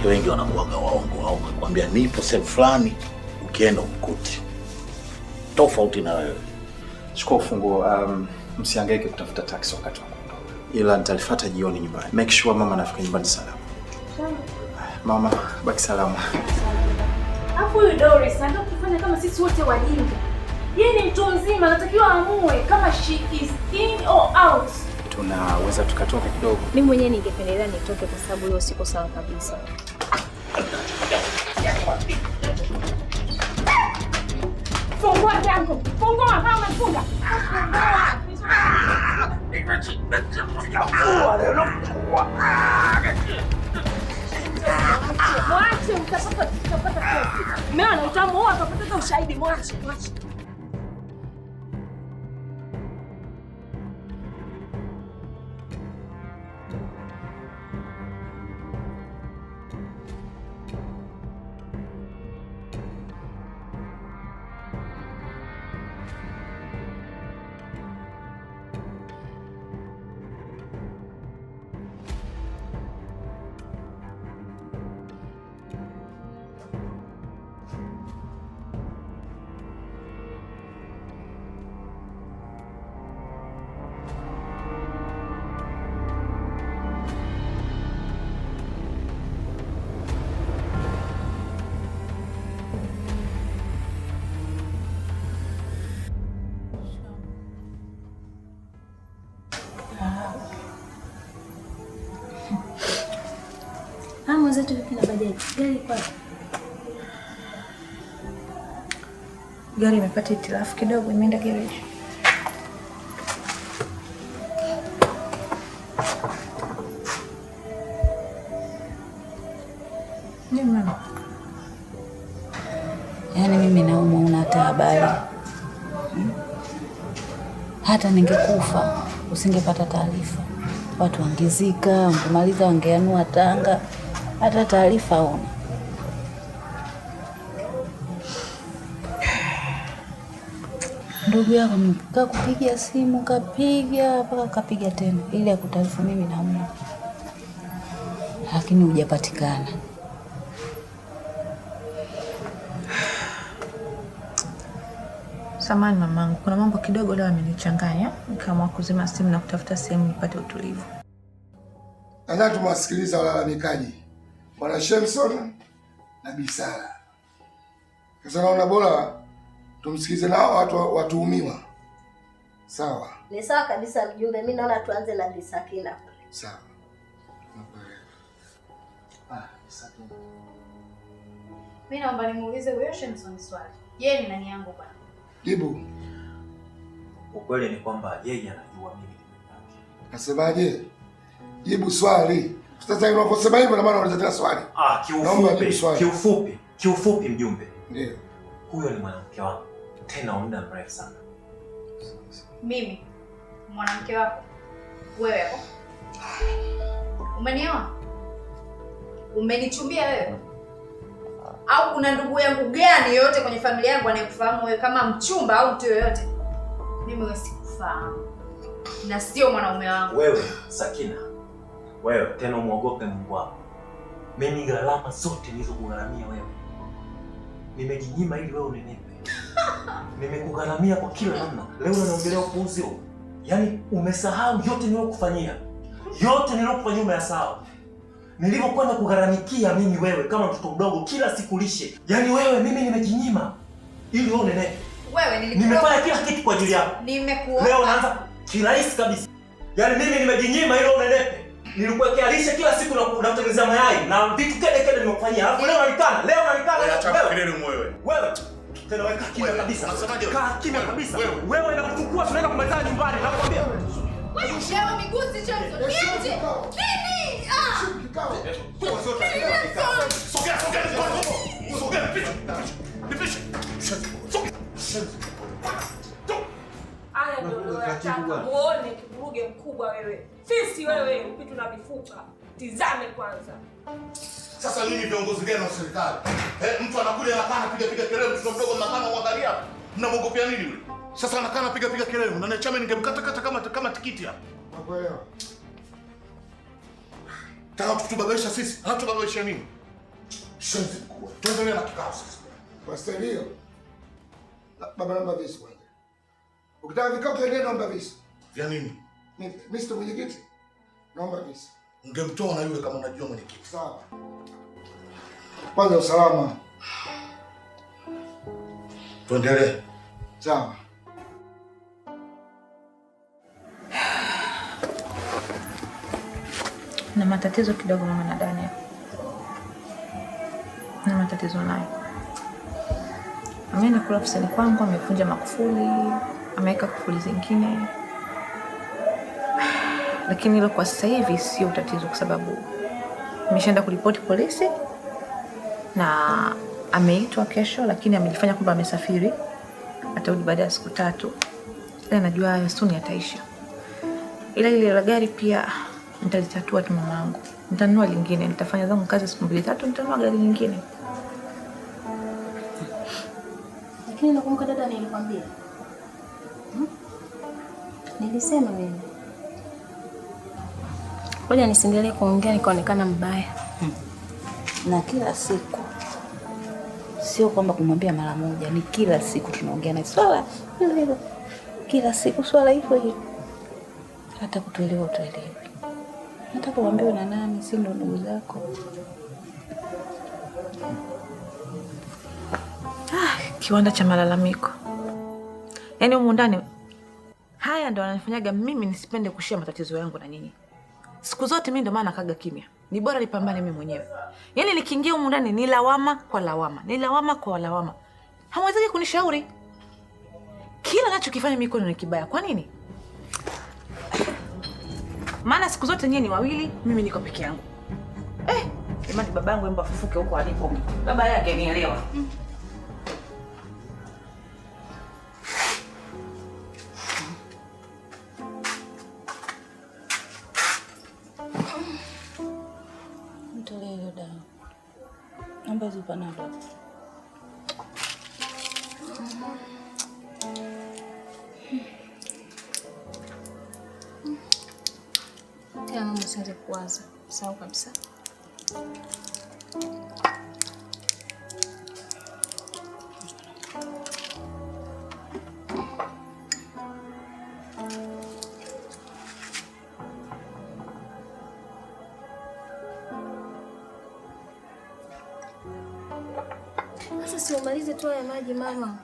wanawake wengi wanakuaga waongo, au kukwambia nipo sehemu fulani, ukienda ukuti tofauti na wewe. Chukua ufunguo. Um, msihangaike kutafuta taksi wakati wa kuondoka, ila nitalifuata jioni nyumbani. Make sure mama anafika nyumbani salama. Mama, baki salama. Alafu huyu Doris anataka kufanya kama sisi wote wajinga. Yeye ni mtu mzima, anatakiwa amue kama she is in or out. Tunaweza tukatoka kidogo. Mimi mwenyewe ningependelea nitoke kwa sababu hiyo siko sawa kabisa. vifaa vyangu. Fungua kama umefunga. Mwache, utapata utamuua, utapoteza ushahidi. Mwache, mwache. wenzetu vipi na bajaji? Gari kwa gari imepata itilafu kidogo, imeenda gereji. mimi nauma, una hmm? Hata ningekufa usingepata taarifa, watu wangezika, wangemaliza, wangeanua Tanga hata taarifa huna. Ndugu yako kupiga simu, kapiga mpaka kapiga tena, ili akutaarifu mimi na mume, lakini hujapatikana. samani mamangu, kuna mambo kidogo leo amenichanganya, nikaamua kuzima simu na kutafuta sehemu nipate utulivu. Nadhani tumewasikiliza walalamikaji. Bwana Shemson na Bisara. Sasa naona bora tumsikize nao watu watuhumiwa. Sawa. Ni sawa kabisa mjumbe. Mimi naona tuanze na Bisakina. Sawa. Ah, Bisakina. Mimi naomba nimuulize huyo Shemson swali. Yeye ni nani yangu bwana? Jibu. Ukweli ni kwamba yeye anajua mimi. Nasemaje? Jibu swali. Sasa hivi unaposema hivyo na maana unaweza tena swali. Ah, kiufupi, kiufupi, kiufupi mjumbe. Ndio. Huyo ni mwanamke wangu. Tena muda mrefu sana. Mimi mwanamke wako. Wewe hapo. Umeniona? Umenichumbia wewe? Au kuna ndugu yangu gani yoyote kwenye familia yangu anayekufahamu wewe kama mchumba au mtu yoyote? Mimi wewe sikufahamu. Na sio mwanaume wangu. Wewe Sakina wewe tena umwogope Mungu wako. Mimi gharama zote nilizokugharamia wewe nimejinyima ili wewe unenepe. Nimekugharamia kwa kila namna, leo unaongelea upuuzi huu. Yaani umesahau yote niliyokufanyia, yote niliyokufanyia umeyasahau. na kugharamikia mimi wewe kama mtoto mdogo, kila siku lishe, yaani wewe mimi nimejinyima ili wewe unenepe. Wewe nilikuwa nimefanya kila kitu kwa ajili yako, nimekuomba leo naanza kirahisi kabisa, yaani mimi nimejinyima ili unenepe nilikuwekea lishe kila siku na kutengeneza mayai na vitu kede kede nimekufanyia. Alafu leo unanikana, leo unanikana. Wewe wewe tena weka kimya kabisa. Kaa kimya kabisa. Wewe inakuchukua tunaenda kumalizana nyumbani nakwambia. Wewe shema miguu si chanzo. Nini? Nini? Ah. Sogea, sogea, sogea. Sogea, picha. Picha. Sogea haya ndio nataka uone, kiburuge mkubwa wewe. Fisi wewe, upitu mm. na vifupa. tizame kwanza. Sasa nini viongozi gani wa serikali? Eh, mtu anakuja anakaa anapiga piga kelele, mtoto mdogo mnakaa kuangalia, mnamwogopea nini yule? Sasa anakaa anapiga piga kelele, na niachame ningemkata kata kama kama tikiti hapa. Nakuelewa. Taka kutubabaisha sisi, anatubabaisha nini? Shenzi mkubwa. Tuendelee na kikao sasa. Kwa hiyo. Baba namba visi Ukitaka vikao kiendelee, naomba visa. Vya nini? Mr. Mwenyekiti, naomba visa. Ungemtoa na yule kama unajua mwenyekiti. Sawa. Kwanza usalama. Tuendelee. Sawa. Na matatizo kidogo mama na Daniel. Na matatizo nayo. Ameenda kula ofisini kwangu, amevunja makufuli ameweka kufuli zingine, lakini hilo kwa sasa hivi sio tatizo, kwa sababu ameshaenda kuripoti polisi na ameitwa kesho, lakini amejifanya kwamba amesafiri, atarudi baada ya siku tatu, ila najua suni ataisha. Ila ile la gari pia nitalitatua tu mamangu, nitanunua lingine, nitafanya zangu kazi siku mbili tatu, nitanunua gari lingine. Lakini nakumbuka dada, nilikwambia Nilisema mimi. Ngoja nisiendelee kuongea nikaonekana mbaya. Hmm. Na kila siku sio kwamba kumwambia mara moja, ni kila siku tunaongea na swala hilo hilo, kila siku swala hilo hilo, hata kutuelewa utuelewe hata kuambiwa na nani, si ndo ndugu zako? Ah, kiwanda cha malalamiko, yaani humu ndani Haya ndo ananifanyaga mimi nisipende kushia matatizo yangu na nyinyi. Siku zote mimi ndo maana nakaga kimya. Ni bora nipambane mimi mwenyewe. Yaani nikiingia humu ndani ni lawama kwa lawama, ni lawama kwa lawama. Hamwezeki kunishauri. Kila ninachokifanya mimi mikono ni kibaya. Kwa nini? Maana siku zote nyinyi ni wawili, mimi niko peke yangu. Eh, jamani babangu embo afufuke huko alipo. Baba yake nielewa. Mm. కొంచెం పని ఉంటుంది Kama msinzi kuwaza, sawa kabisa. Sasa si umalize tu haya maji mama.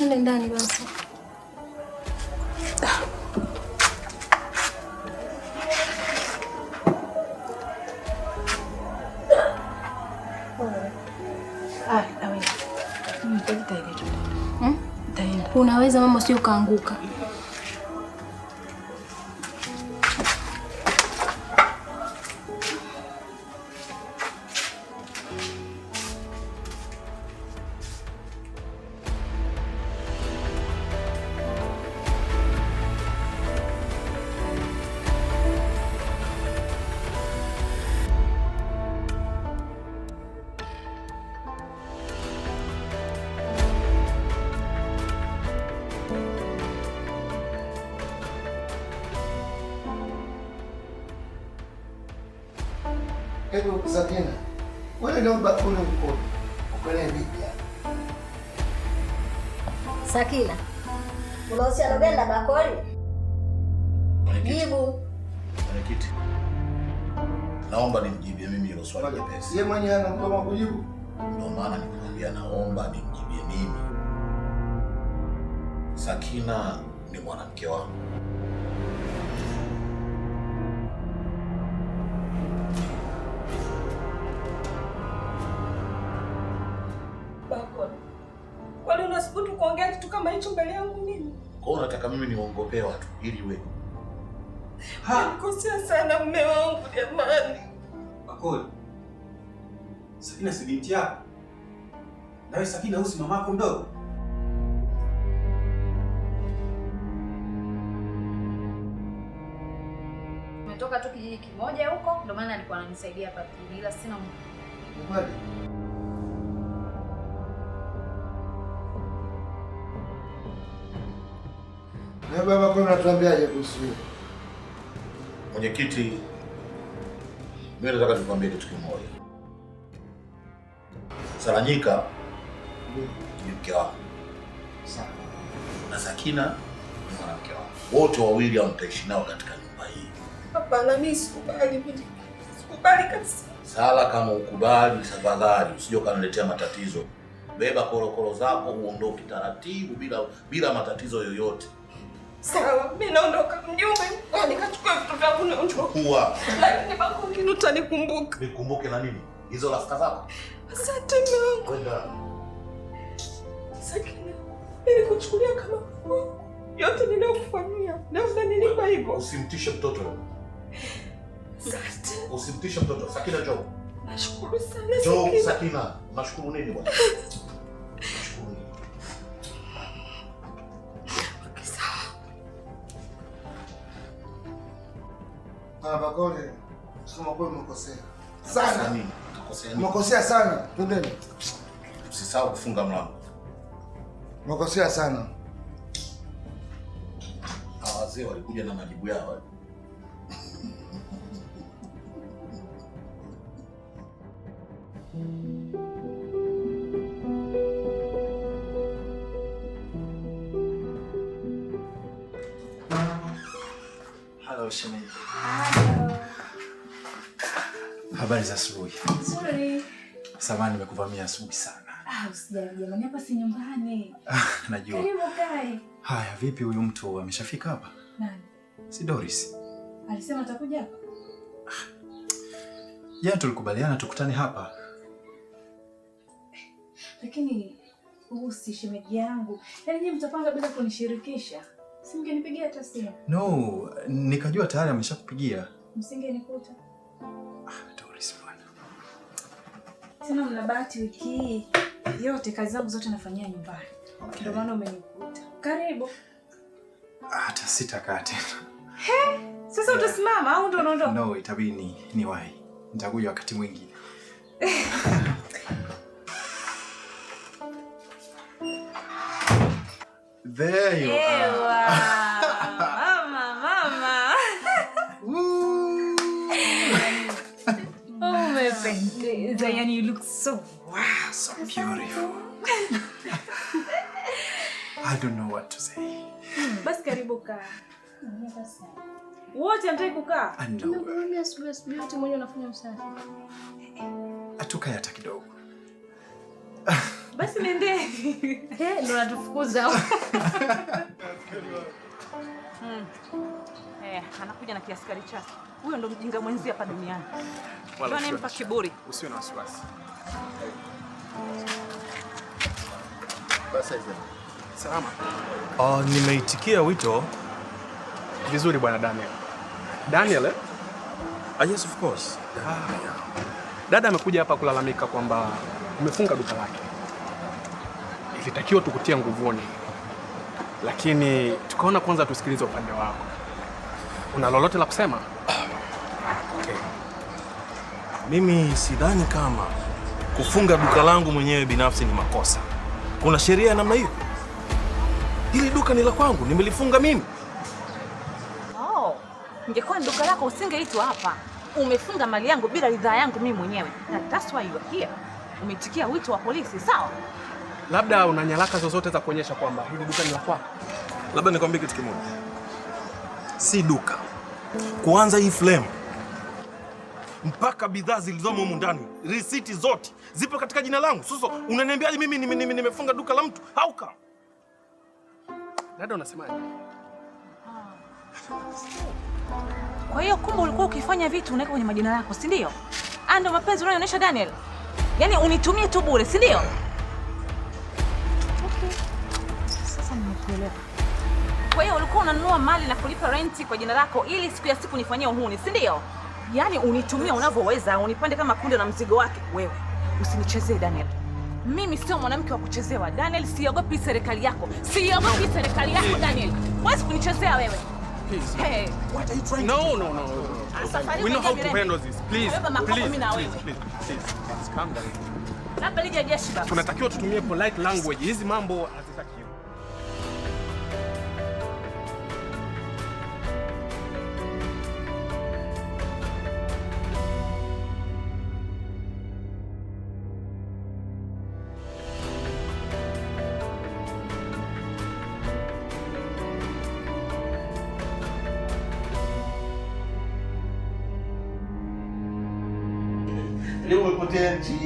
Nenda ndani basi. kumaliza mama, sio kaanguka. Hebu sasa tena. Wewe naomba kule mkono. Ukale vipi? Sakina. Una uhusiano gani na Bakoli? Jibu. Mwenyekiti. Naomba nimjibie mimi hilo swali jepesi. Yeye mwenyewe ana mdomo kujibu. Ndio maana nikwambia naomba nimjibie mimi. Sakina ni mwanamke wangu. hicho mbele yangu mimi. Kwa hiyo unataka mimi niongopee watu ili wewe. Ha, nikosea sana mume wangu jamani. Makoli. Sakina si binti yako. Nawe Sakina usi mamako mdogo. Nimetoka tu kijiji kimoja huko, ndio maana alikuwa ananisaidia hapa, ila sina. Kweli? Eh, baba, kwa natuambiaje kuhusu hili? Mwenyekiti, mimi nataka nikwambie kitu kimoja. Saranyika ni mke wangu na Sakina ni mwanamke wangu, wote wawili hamtaishi nao katika nyumba hii. Hapana, mimi sikubali, sikubali kabisa. Sala, kama ukubali, safadhali usije kaniletea matatizo. Beba korokoro zako uondoke taratibu, bila bila matatizo yoyote. Sawa, mimi naondoka mjumbe, nikachukua yaani vitu vyangu naondoka. Huwa. Lakini bako ngine utanikumbuka. Nikumbuke na nini? Hizo rafiki zako? Asante Mungu. Kwenda. Sakina, nilikuchukulia kama Mungu. Yote ninayokufanyia, nafsi nilipa hivyo. Usimtishe mtoto. Asante. Usimtishe mtoto. Sakina, njoo. Nashukuru sana Sakina. Njoo Sakina. Nashukuru nini bwana? Ah, bakole, sema kweli umekosea sana. Umekosea sana. Twendeni. Usisahau kufunga mlango. Umekosea sana. Ah, wazee walikuja na majibu yao. Habari za asubuhi. Nzuri. Samahani nimekuvamia asubuhi sana. Ah, usijali jamani, hapa si nyumbani. Ah, najua. Karibu kae. Haya, vipi huyu mtu ameshafika hapa? Nani? Si Doris. Alisema atakuja hapa. Ah. Jana tulikubaliana tukutane hapa. Lakini huu si shemeji yangu. Yaani nyinyi mtapanga bila kunishirikisha. Simngenipigia hata simu. No, nikajua tayari ameshakupigia. Msingenikuta. Ah, to polisi bwana. Tena mna bahati wiki hii yote kazi zangu zote nafanyia nyumbani. Okay. Ndio maana umenikuta. Karibu. Hata sitakaa tena. He? Sasa yeah. Utasimama au ndo unaondoka? No, itabidi ni ni wahi. Nitakuja wakati mwingine. There you are. happened. Yeah. Zayan, you look so wow, so beautiful. I don't know what to say. Basi karibu kaa. Wote mtaki kukaa. Tunakuambia asubuhi asubuhi wote mwenyewe unafanya usafi. Atuka hata kidogo. Basi nendeni. Eh, ndo natufukuza. Hmm. Eh, anakuja na kiaskari chake. Huyo ndo mjinga mwenzi hapa duniani nimpa kiburi. Usiwe na wasiwasi. Salama. Ah, nimeitikia wito vizuri bwana Daniel. Daniel eh? Ah, yes of course. Ah, Dada amekuja hapa kulalamika kwamba umefunga duka lake. Ilitakiwa tukutia nguvuni, lakini tukaona kwanza tusikilize upande wako. Una lolote la kusema? Ah, okay. Mimi sidhani kama kufunga duka langu mwenyewe binafsi ni makosa. Kuna sheria ya namna hiyo? Hili duka ni la kwangu, nimelifunga mimi. Oh, ingekuwa ni duka lako usingeitwa hapa. Umefunga mali yangu bila ridhaa yangu mimi mwenyewe. Na that's why you are here. Umetikia wito wa polisi, sawa? Labda una nyaraka zozote za kuonyesha kwamba hili duka ni la kwako? Labda nikwambie kitu kimoja, si duka kuanza hii flame mpaka bidhaa zilizomo humu ndani, risiti zote zipo katika jina langu. Sasa unaniambiaje mimi nimefunga duka la mtu? Hauka dada, unasemaje? Ah. Kwa hiyo kumbe ulikuwa ukifanya vitu unaweka kwenye majina yako, si ndio? Ah, ndio mapenzi unayoonyesha Daniel. Yaani unitumie tu bure, si ndio? Kwa hiyo ulikuwa unanunua mali na kulipa renti kwa jina lako ili siku ya siku nifanyie uhuni, si ndio? yani unitumia unavyoweza, unipande kama kunde na mzigo wake. Wewe usinichezee Daniel. Mimi sio mwanamke wa kuchezewa Daniel, siogopi serikali yako, siogopi serikali yako Daniel. Huwezi kunichezea wewe. Hey. What are you trying no, to do? No, no, no. Ah, We know how to handle this. Please, please, please, please, please. Tunatakiwa tutumie polite language. Hizi mambo hazitakiwi.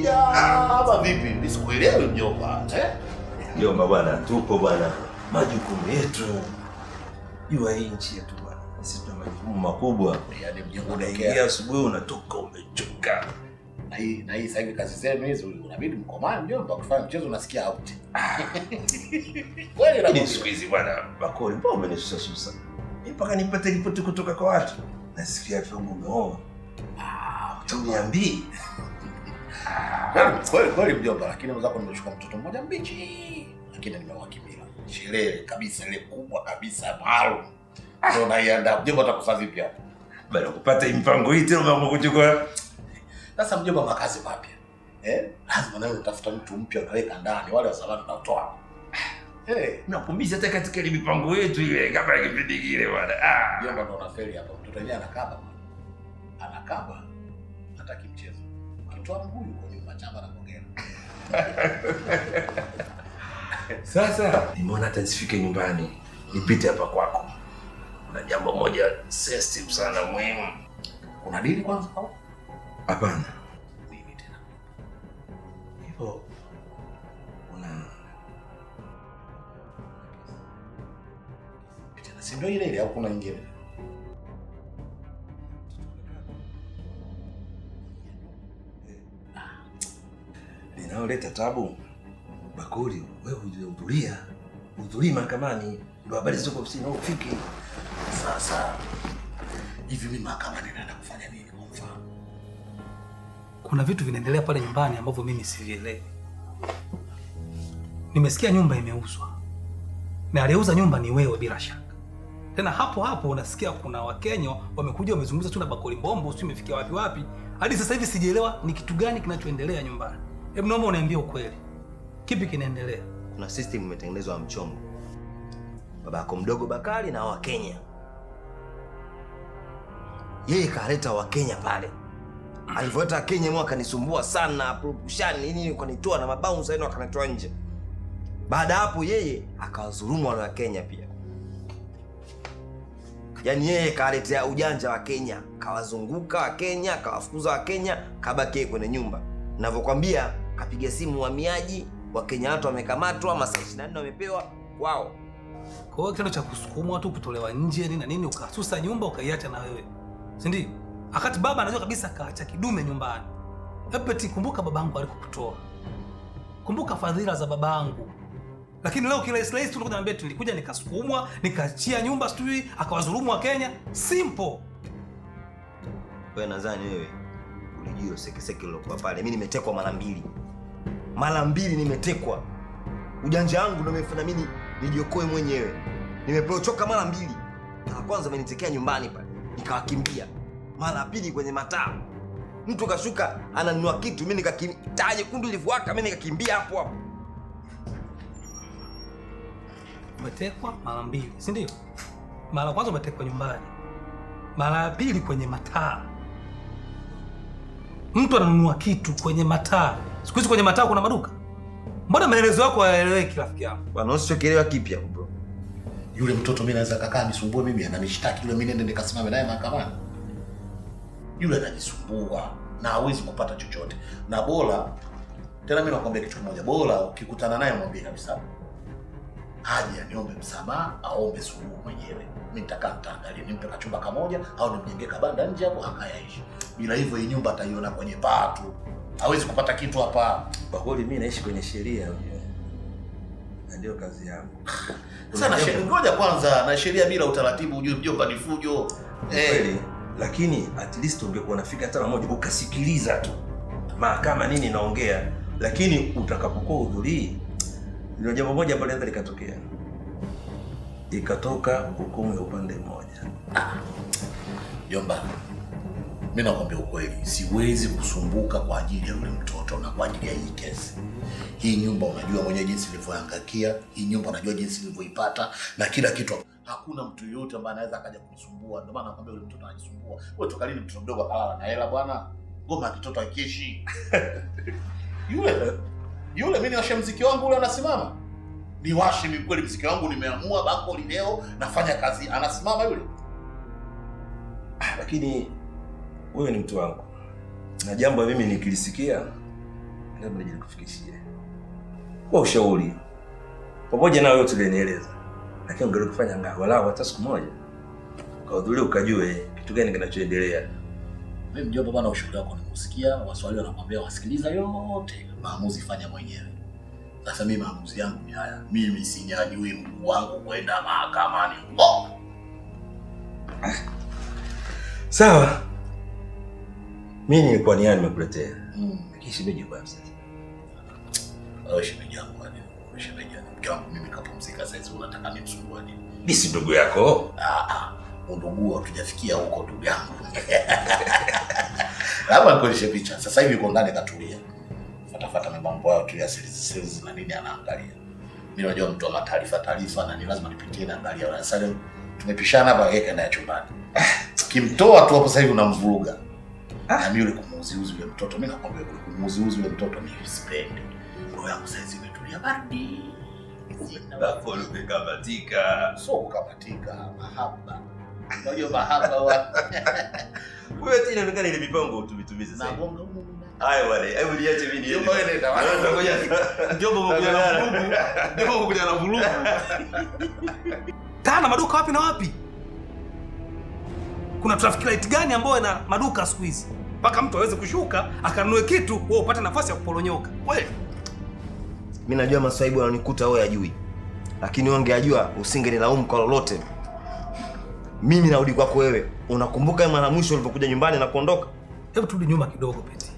kuja ama vipi? Nisikuelewi mjomba. Eh? Mjomba bwana, tupo bwana, majukumu yetu. Jua hii nchi yetu bwana, sisi tuna majukumu makubwa. Yaani mjomba, unaingia asubuhi unatoka umechoka. Na hii na hii sasa hivi kazi zenu hizo unabidi mkomane mjomba, kufanya mchezo unasikia out. Ah. Kweli na yaani siku hizi bwana, bakori mbona umenisusa susa? Mpaka nipate ripoti kutoka kwa watu. Nasikia vifungu umeoa. Ah, utaniambia. Kweli kweli mjomba, lakini mwenzako nimechukua mtoto mmoja mbichi, lakini nimewakimila sherehe kabisa ile kubwa kabisa maalum ndio naiandaa. Mjomba atakufa vipi hapo? Bado kupata mpango hii tena mambo kuchukua. Sasa mjomba, makazi mapya eh, lazima nawe utafuta mtu mpya unaweka ndani, wale wa salama tunatoa. Eh, nakumbuka hata katika ile mipango yetu ile kama kipindi kile bwana. Ah, mjomba ndo unafeli hapa, mtoto yeye anakaba anakaba hata kimchezo Alimtoa mguu kwa nyuma na kongera. Sasa nimeona hata nisifike nyumbani, nipite hapa kwako. Kuna jambo moja sensitive sana muhimu. Kuna dili kwanza au? Hapana. Mimi tena. Hivyo una Tena si ndio ile ile au kuna nyingine? yanayoleta tabu. Bakuli, wewe hujahudhuria, hudhurii mahakamani, ndio habari ziko ofisini au ufiki. Sasa hivi mimi mahakamani naenda kufanya nini? Kwa mfano, kuna vitu vinaendelea pale nyumbani ambavyo mimi sivielewi. Nimesikia nyumba imeuzwa na aliyeuza nyumba ni wewe, bila shaka. Tena hapo hapo unasikia kuna Wakenya wamekuja wamezungumza tu na Bakuli Mbombo, sio imefikia wapi wapi. Hadi sasa hivi sijielewa ni kitu gani kinachoendelea nyumbani. Hebu naomba uniambie ukweli, kipi kinaendelea? Kuna system imetengenezwa mchongo, baba yako mdogo Bakari na Wakenya, yeye kaleta Wakenya pale alivyoleta Kenya mwa akanisumbua sana pushani nini, ukanitoa na mabaunsa yenu akanitoa nje. Baada hapo, yeye akawadhulumu wale wa Kenya pia, yaani yeye kaletea ujanja wa Kenya, kawazunguka wa Kenya, kawafukuza wa Kenya, kabaki kwenye nyumba. Navyokwambia kapiga simu uhamiaji, Wakenya watu wamekamatwa, masaa 24 wamepewa kwao. Kwa hiyo kitendo cha kusukumwa tu kutolewa nje na nini, ukasusa nyumba ukaiacha na wewe, si ndio? Akati baba anajua kabisa kaacha kidume nyumbani. Epeti, kumbuka babangu alikokutoa, kumbuka fadhila za babangu. Lakini leo kila isla tu tunakuambia tulikuja nikasukumwa nikaachia nyumba sijui akawadhulumu wa Kenya. Simple. Wewe nadhani wewe ulijua sekeseke lilokuwa pale. Mimi nimetekwa mara mbili mara mbili nimetekwa. Ujanja wangu ndio umefanya mimi nijiokoe mwenyewe. nimepochoka mara mbili. Mara kwanza amenitekea nyumbani pale, nikawakimbia. Mara pili kwenye mataa, mtu kashuka ananunua kitu, mimi nikakimbia. Taa nyekundu ilivyowaka, mimi nikakimbia hapo hapo. Umetekwa mara mbili, si ndio? Mara kwanza umetekwa nyumbani, mara ya pili kwenye mataa mtu ananunua kitu kwenye mataa. Siku hizi kwenye mataa kuna maduka. Mbona maelezo yako hayaeleweki rafiki yangu? Bwana usichokielewa kipya bro. Yule mtoto mimi naweza kakaa nisumbue mimi ananishtaki yule mimi nende nikasimame naye mahakamani. Yule anajisumbua na hawezi kupata chochote. Na bora tena mimi nakwambia kitu kimoja, bora ukikutana naye mwambie kabisa. Aje aniombe msamaha, aombe suluhu mwenyewe. Mimi nitakaa nitaangalia nimpe kachumba kamoja au nimjengee kabanda nje hapo akayaishi bila hivyo hii nyumba ataiona kwenye paa tu, hawezi kupata kitu hapa. Kwa kweli mimi naishi kwenye sheria na ndio kazi yangu. Sasa sheria ngoja kwanza, na sheria bila utaratibu, ujue mjomba ni fujo eh. Lakini at least ungekuwa nafika hata moja ukasikiliza tu mahakama nini naongea, lakini utakapokuwa hudhurii, ndio jambo moja ambalo linaweza likatokea ikatoka hukumu ya upande mmoja. Ah. Jomba mimi nakwambia ukweli, siwezi kusumbuka kwa ajili ya yule mtoto na kwa ajili ya hii kesi. Hii nyumba unajua mwenyewe jinsi ilivyoangakia, hii nyumba unajua jinsi ilivyoipata na kila kitu. Hakuna mtu yoyote ambaye anaweza akaja kunisumbua. Ndio maana nakwambia yule mtoto anajisumbua. Wewe toka lini mtoto mdogo akalala na hela bwana? Ngoma mtoto kitoto Yule yule mimi niwashe mziki wangu ule anasimama. Niwashe mimi kweli mziki wangu nimeamua bako leo nafanya kazi anasimama yule. Ah, lakini wewe ni mtu wangu, na jambo mimi nikilisikia labda nije nikufikishie kwa ushauri, pamoja na yote ulinieleza, lakini ungeweza kufanya ngao wala hata siku moja, ukahudhuria ukajue kitu gani kinachoendelea. Mimi mjomba bwana, ushauri wako nikusikia, waswali wanakuambia wasikiliza yote, maamuzi fanya mwenyewe. Sasa mimi maamuzi yangu ni haya, mimi sinyanyui mguu wangu kwenda mahakamani. Sawa. Mimi nilikuwa ni yani nimekuletea. Mm. Lakini shemeji kwanza. Au shemeji yangu kwani? Shemeji yangu mke wangu mimi kapumzika sasa hizi unataka nimsumbue nini? Mimi si ndugu yako. Ah ah. Undugu hatujafikia huko ndugu yangu. Labda nikuonyeshe picha. Sasa hivi uko ndani katulia. Fatafata mambo yao tu ya series series na nini anaangalia. Mimi najua mtu wa taarifa taarifa na ni lazima nipitie na angalia. Sasa tumepishana hapa yeye kana chumbani. Kimtoa tu hapo sasa hivi unamvuruga. Ah, mimi yule kumuuziuzi yule mtoto, mimi nakwambia yule kumuuziuzi yule mtoto mimi sipendi. Roho yangu saizi imetulia baridi. Hapo umekabatika. Sio kukabatika, mahaba. Unajua mahaba wa. Wewe tena inaonekana ile mipango utumitumize sasa. Mabongo Ayo wale, ayo liache mimi niende. Jomba nenda wale. Jomba mkuja na vurugu. Jomba mkuja na vurugu. Tana maduka wapi na wapi? kuna traffic light gani ambayo ina maduka siku hizi mpaka mtu aweze kushuka akanunue kitu wewe upate nafasi ya kuporonyoka? Wewe mimi najua maswaibu yanonikuta wewe yajui, lakini ungejua usingenilaumu kwa lolote. Mimi narudi kwako wewe. Unakumbuka mara mwisho ulivyokuja nyumbani na kuondoka? Hebu turudi nyuma kidogo Peti.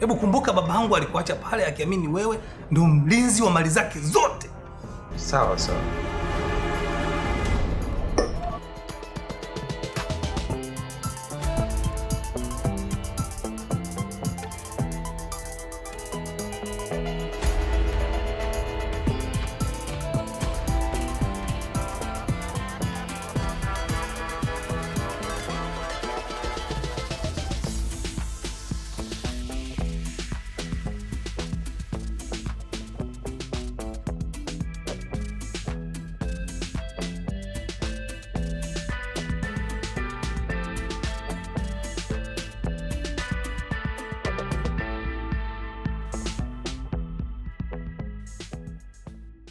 Hebu kumbuka baba yangu alikuacha pale akiamini wewe ndio mlinzi wa mali zake zote. Sawa sawa.